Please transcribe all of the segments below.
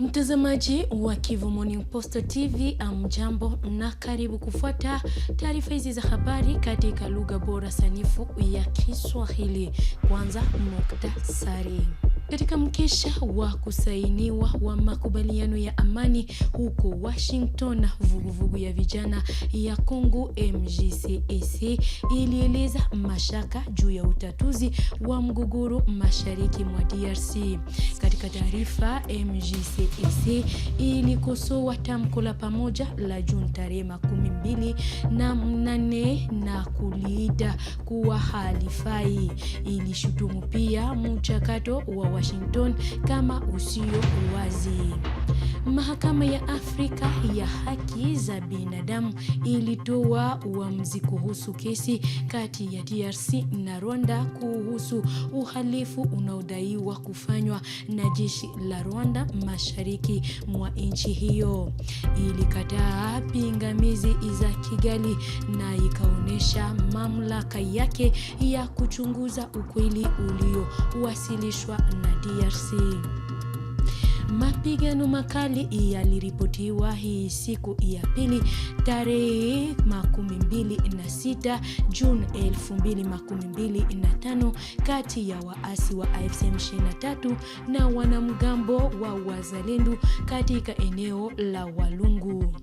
Mtazamaji wa Kivu Morning Post TV, amjambo na karibu kufuata taarifa hizi za habari katika lugha bora sanifu ya Kiswahili. Kwanza muktasari. Katika mkesha wa kusainiwa wa makubaliano ya amani huko Washington, vuguvugu vugu ya vijana ya Kongo MJCEC ilieleza mashaka juu ya utatuzi wa mgogoro mashariki mwa DRC. Katika taarifa, MJCEC ilikosoa tamko la pamoja la Juni tarehe makumi mbili na mnane na kuliita kuwa halifai. Ilishutumu pia mchakato wa Washington kama usio uwazi. Mahakama ya Afrika ya Haki za Binadamu ilitoa uamuzi kuhusu kesi kati ya DRC na Rwanda kuhusu uhalifu unaodaiwa kufanywa na jeshi la Rwanda mashariki mwa nchi hiyo. Ilikataa pingamizi za Kigali na ikaonyesha mamlaka yake ya kuchunguza ukweli uliowasilishwa na DRC. Mapigano makali yaliripotiwa hii siku ya pili tarehe makumi mbili na sita Juni elfu mbili makumi mbili na tano kati ya waasi wa AFC M23 na wanamgambo wa Wazalendo katika eneo la Walungu.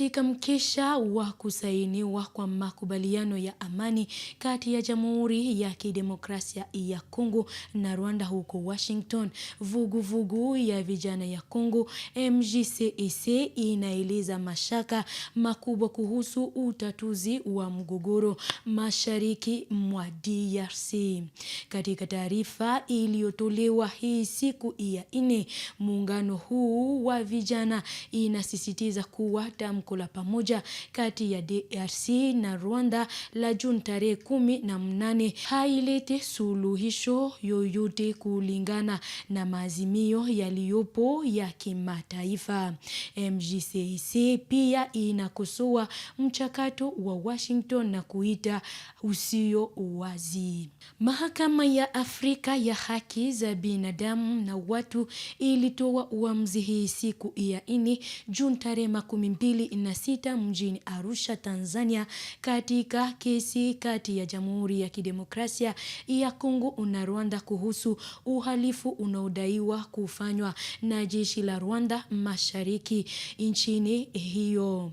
katika mkesha wa kusainiwa kwa makubaliano ya amani kati ya Jamhuri ya Kidemokrasia ya Kongo na Rwanda huko Washington. Vuguvugu vugu ya vijana ya Kongo MJCEC e inaeleza mashaka makubwa kuhusu utatuzi wa mgogoro mashariki mwa DRC. Katika taarifa iliyotolewa hii siku ya nne, muungano huu wa vijana inasisitiza kuwa tamko la pamoja kati ya DRC na Rwanda la Juni tarehe kumi na mnane hailete suluhisho yoyote kulingana na maazimio yaliyopo ya kimataifa. MJCC pia inakosoa mchakato wa Washington na kuita usio wazi. Mahakama ya Afrika ya Haki za Binadamu na Watu ilitoa uamuzi hii siku ya ini Juni tarehe makumi mbili 26 mjini Arusha, Tanzania, katika kesi kati ya Jamhuri ya Kidemokrasia ya Kongo na Rwanda kuhusu uhalifu unaodaiwa kufanywa na jeshi la Rwanda mashariki nchini hiyo.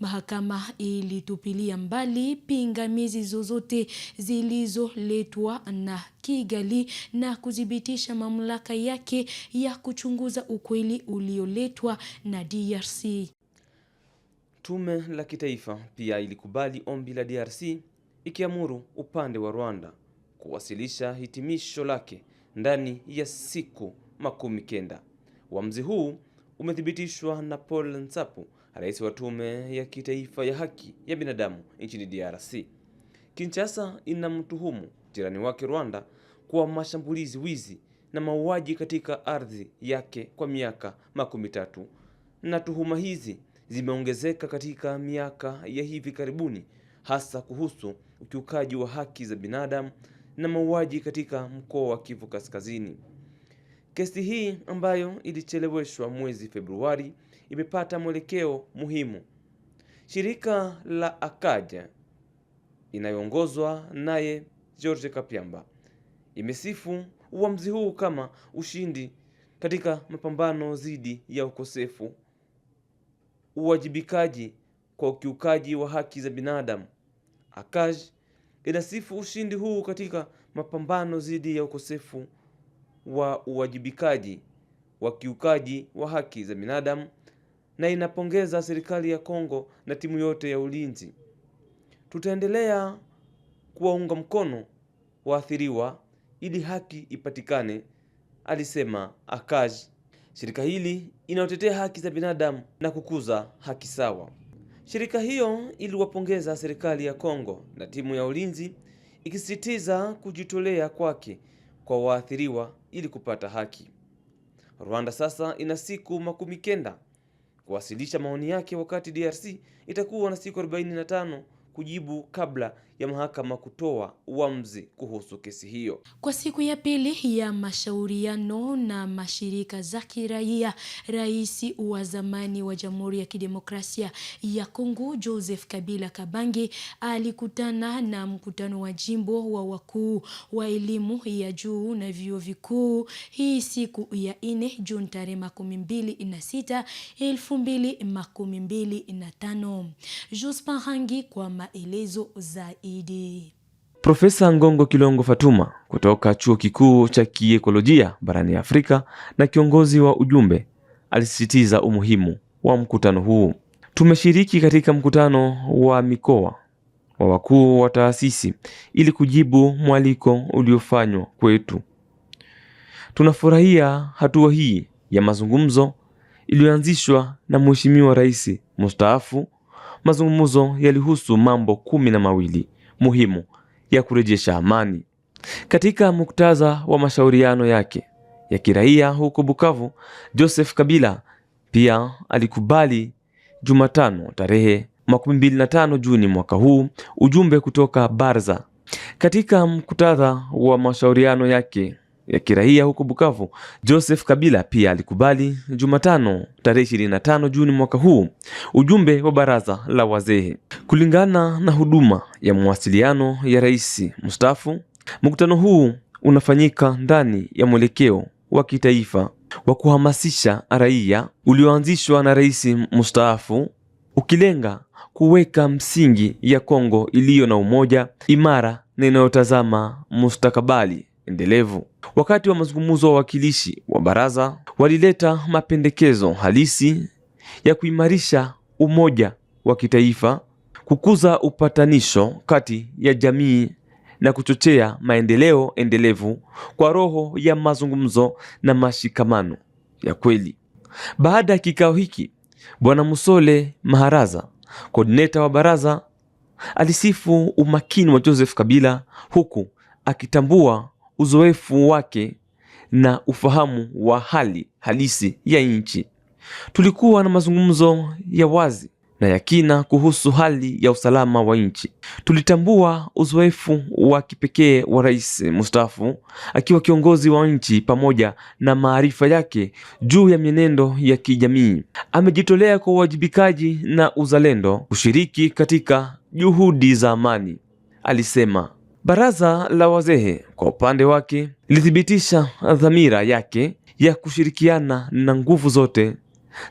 Mahakama ilitupilia mbali pingamizi zozote zilizoletwa na Kigali na kuthibitisha mamlaka yake ya kuchunguza ukweli ulioletwa na DRC. Tume la kitaifa pia ilikubali ombi la DRC ikiamuru upande wa Rwanda kuwasilisha hitimisho lake ndani ya siku makumi kenda. Uamuzi huu umethibitishwa na Paul Nsapu, rais wa tume ya kitaifa ya haki ya binadamu nchini DRC. Kinshasa inamtuhumu jirani wake Rwanda kwa mashambulizi, wizi na mauaji katika ardhi yake kwa miaka makumi tatu, na tuhuma hizi zimeongezeka katika miaka ya hivi karibuni, hasa kuhusu ukiukaji wa haki za binadamu na mauaji katika mkoa wa Kivu Kaskazini. Kesi hii ambayo ilicheleweshwa mwezi Februari imepata mwelekeo muhimu. Shirika la Akaja inayoongozwa naye George Kapiamba imesifu uamuzi huu kama ushindi katika mapambano dhidi ya ukosefu uwajibikaji kwa ukiukaji wa haki za binadamu. Akaj inasifu ushindi huu katika mapambano dhidi ya ukosefu wa uwajibikaji wa kiukaji wa haki za binadamu na inapongeza serikali ya Kongo na timu yote ya ulinzi. Tutaendelea kuwaunga mkono waathiriwa ili haki ipatikane, alisema Akaji. Shirika hili inayotetea haki za binadamu na kukuza haki sawa. Shirika hiyo iliwapongeza serikali ya Kongo na timu ya ulinzi ikisisitiza kujitolea kwake kwa waathiriwa ili kupata haki. Rwanda sasa ina siku makumi kenda kuwasilisha maoni yake wakati DRC itakuwa na siku 45 kujibu kabla ya mahakama kutoa uamuzi kuhusu kesi hiyo. Kwa siku ya pili ya mashauriano na mashirika za kiraia, rais wa zamani wa Jamhuri ya Kidemokrasia ya Kongo Joseph Kabila Kabange alikutana na mkutano wa jimbo wa wakuu wa elimu ya juu na vyuo vikuu hii siku ya nne Juni tarehe makumi mbili na sita elfu mbili makumi mbili na tano. Jospin kwa maelezo za ED. Profesa Ngongo Kilongo Fatuma kutoka Chuo Kikuu cha Kiekolojia barani Afrika na kiongozi wa ujumbe alisisitiza umuhimu wa mkutano huu. Tumeshiriki katika mkutano wa mikoa wa wakuu wa taasisi ili kujibu mwaliko uliofanywa kwetu. Tunafurahia hatua hii ya mazungumzo iliyoanzishwa na Mheshimiwa Rais mustaafu. Mazungumzo yalihusu mambo kumi na mawili muhimu ya kurejesha amani. Katika muktadha wa mashauriano yake ya kiraia huko Bukavu, Joseph Kabila pia alikubali Jumatano tarehe 25 Juni mwaka huu ujumbe kutoka Barza. Katika muktadha wa mashauriano yake ya kiraia huko Bukavu, Joseph Kabila pia alikubali Jumatano tarehe 25 Juni mwaka huu ujumbe wa baraza la wazee. Kulingana na huduma ya mawasiliano ya rais mstaafu, mkutano huu unafanyika ndani ya mwelekeo wa kitaifa wa kuhamasisha raia ulioanzishwa na rais mstaafu, ukilenga kuweka msingi ya Kongo iliyo na umoja imara na inayotazama mustakabali endelevu. Wakati wa mazungumzo, wawakilishi wa baraza walileta mapendekezo halisi ya kuimarisha umoja wa kitaifa, kukuza upatanisho kati ya jamii na kuchochea maendeleo endelevu kwa roho ya mazungumzo na mashikamano ya kweli. Baada ya kikao hiki, Bwana Musole Maharaza, koordineta wa baraza, alisifu umakini wa Joseph Kabila huku akitambua uzoefu wake na ufahamu wa hali halisi ya nchi. Tulikuwa na mazungumzo ya wazi na ya kina kuhusu hali ya usalama wa nchi. Tulitambua uzoefu wa kipekee wa Rais mustafu akiwa kiongozi wa nchi pamoja na maarifa yake juu ya mienendo ya kijamii. Amejitolea kwa uwajibikaji na uzalendo kushiriki katika juhudi za amani, alisema. Baraza la wazee kwa upande wake lilithibitisha dhamira yake ya kushirikiana na nguvu zote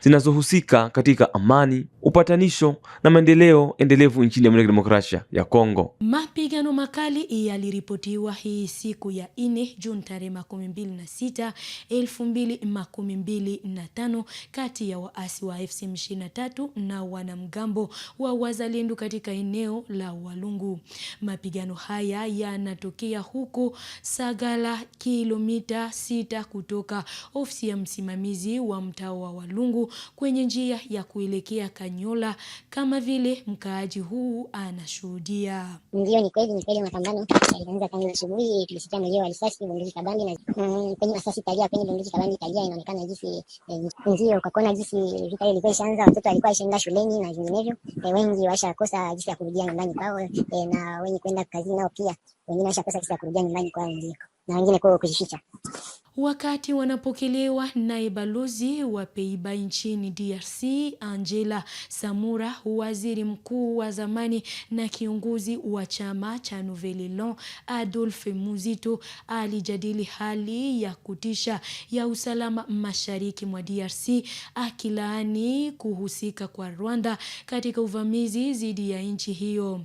zinazohusika katika amani, upatanisho na maendeleo endelevu nchini Jamhuri ya Kidemokrasia ya Kongo. Mapigano makali yaliripotiwa hii siku ya 4 Juni tarehe 26, 2025 kati ya waasi wa AFC M23 na wanamgambo wa Wazalendo katika eneo la Walungu. Mapigano haya yanatokea huko Sagala, kilomita 6 kutoka ofisi ya msimamizi wa mtaa wa Walungu Mungu kwenye njia ya kuelekea Kanyola kama vile mkaaji huu anashuhudia. Ndio, ni kweli, ni kweli mapambano yalianza tangu asubuhi. Tulisikia mlio wa risasi, bunduki kabambi na mm, kwenye masasi italia, kwenye bunduki kabambi italia, inaonekana jinsi eh, ndio kwa kuona jinsi vita ilikuwa ishaanza, watoto walikuwa ishaenda shuleni na vinginevyo, eh, wengi washakosa jinsi ya kurudia nyumbani kwao, eh, na wengi kwenda kazini nao pia wengine washakosa jinsi ya kurudia nyumbani kwao, ndio, na wengine kwao kujificha. Wakati wanapokelewa naye balozi wa Peiba nchini DRC Angela Samura, waziri mkuu wa zamani na kiongozi wa chama cha Nouvel Elan Adolphe Muzito alijadili hali ya kutisha ya usalama mashariki mwa DRC, akilaani kuhusika kwa Rwanda katika uvamizi dhidi ya nchi hiyo.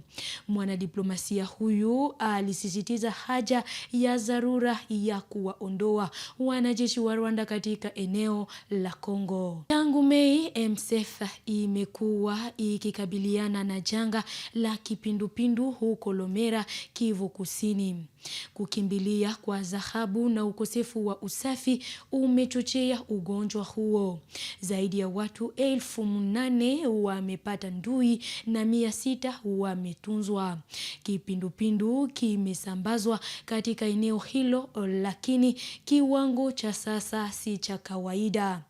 Mwanadiplomasia huyu alisisitiza haja ya dharura ya kuwaondoa wanajeshi wa Rwanda katika eneo la Kongo. Tangu Mei, MSF imekuwa ikikabiliana na janga la kipindupindu huko Lomera, Kivu Kusini. Kukimbilia kwa dhahabu na ukosefu wa usafi umechochea ugonjwa huo. Zaidi ya watu elfu nane wamepata ndui na mia sita wametunzwa. Kipindupindu kimesambazwa katika eneo hilo, lakini kiwa kiwango cha sasa si cha kawaida.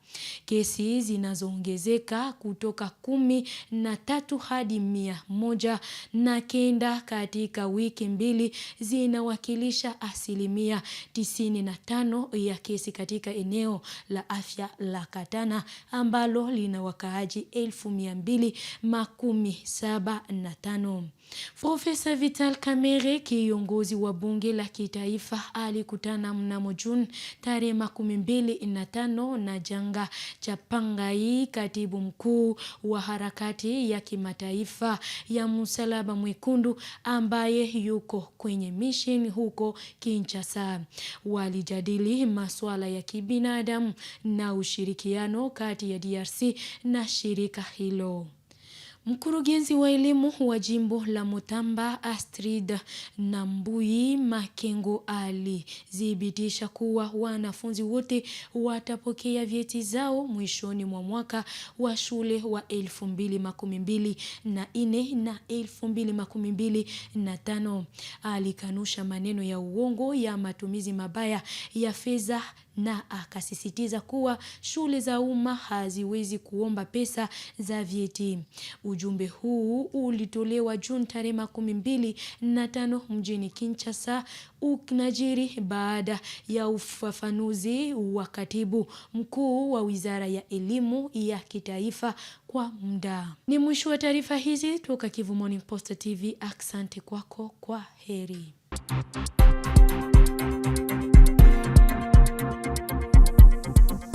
Kesi zinazoongezeka kutoka kumi na tatu hadi mia moja na kenda katika wiki mbili zinawakilisha asilimia tisini na tano ya kesi katika eneo la afya la Katana ambalo lina wakaaji elfu mia mbili makumi saba na tano. Profesa Vital Kamerhe, kiongozi wa bunge la kitaifa, alikutana mnamo Juni tarehe makumi mbili na tano na janga Chipanga Chapangai, katibu mkuu wa harakati ya kimataifa ya Msalaba Mwekundu ambaye yuko kwenye mission huko Kinshasa. Walijadili masuala ya kibinadamu na ushirikiano kati ya DRC na shirika hilo. Mkurugenzi wa elimu wa jimbo la Mutamba Astrid Nambui Makengo alithibitisha kuwa wanafunzi wote watapokea vyeti zao mwishoni mwa mwaka wa shule wa elfu mbili makumi mbili na nne na elfu mbili makumi mbili na tano. Alikanusha maneno ya uongo ya matumizi mabaya ya fedha na akasisitiza kuwa shule za umma haziwezi kuomba pesa za vyeti. Ujumbe huu ulitolewa Juni tarehe makumi mbili na tano mjini Kinshasa, uknajiri baada ya ufafanuzi wa katibu mkuu wa wizara ya elimu ya kitaifa kwa muda. Ni mwisho wa taarifa hizi toka Kivu Morning Post TV. Asante kwako, kwa heri.